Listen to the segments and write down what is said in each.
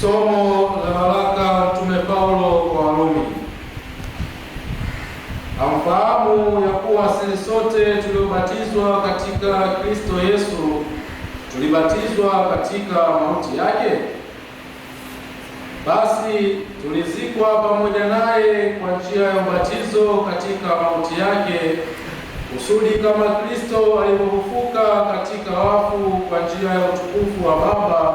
Somo la waraka Mtume Paulo kwa Warumi. Amfahamu ya kuwa sisi sote tuliobatizwa katika Kristo Yesu tulibatizwa katika mauti yake, basi tulizikwa pamoja naye kwa njia ya ubatizo katika mauti yake, kusudi kama Kristo alivyofufuka katika wafu kwa njia ya utukufu wa Baba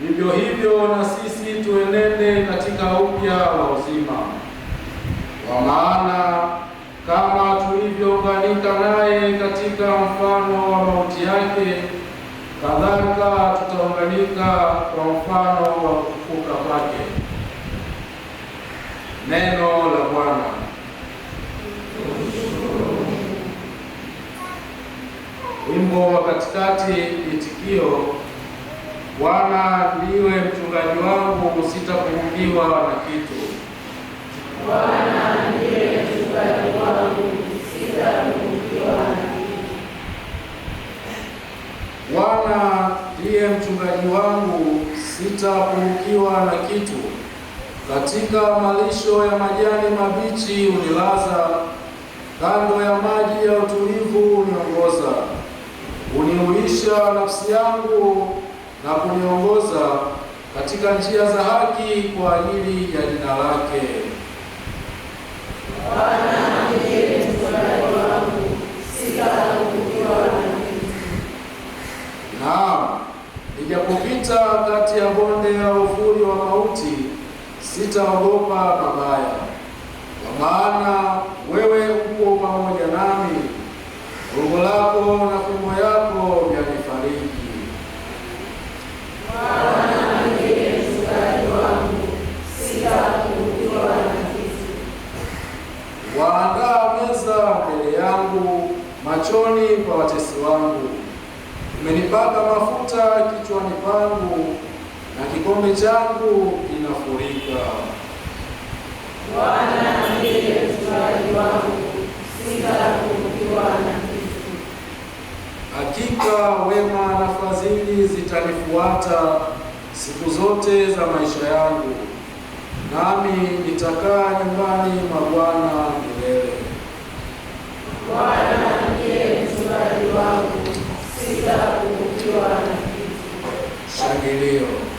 Vivyo hivyo na sisi tuenende katika upya wa uzima, kwa maana kama tulivyounganika naye katika mfano wa mauti yake, kadhalika tutaunganika kwa mfano wa kufufuka kwake. Neno la Bwana. Wimbo wa katikati, itikio wala niwe mchungaji wangu sitapungukiwa na kitu. Bwana ndiye mchungaji wangu sitapungukiwa na kitu. Bwana ndiye mchungaji wangu sitapungukiwa na kitu. Katika malisho ya majani mabichi unilaza, kando ya maji ya utulivu uniongoza, uniuisha nafsi yangu na kuniongoza katika njia za haki kwa ajili ya jina lake. Naam, nijapopita kati ya bonde la uvuli wa mauti, sitaogopa mabaya, kwa maana wewe uko pamoja nami, gogo lako waandaa meza mbele yangu machoni kwa watesi wangu. Umenipaka mafuta kichwani pangu, na kikombe changu kinafurika. Bwana ndiye mchungaji wangu, sitapungukiwa na kitu. Hakika wema na fadhili zitanifuata siku zote za maisha yangu nami nitakaa nyumbani mwa Bwana milele. Bwana ndiye mchungaji wangu, sitapungukiwa na kitu. Shangilio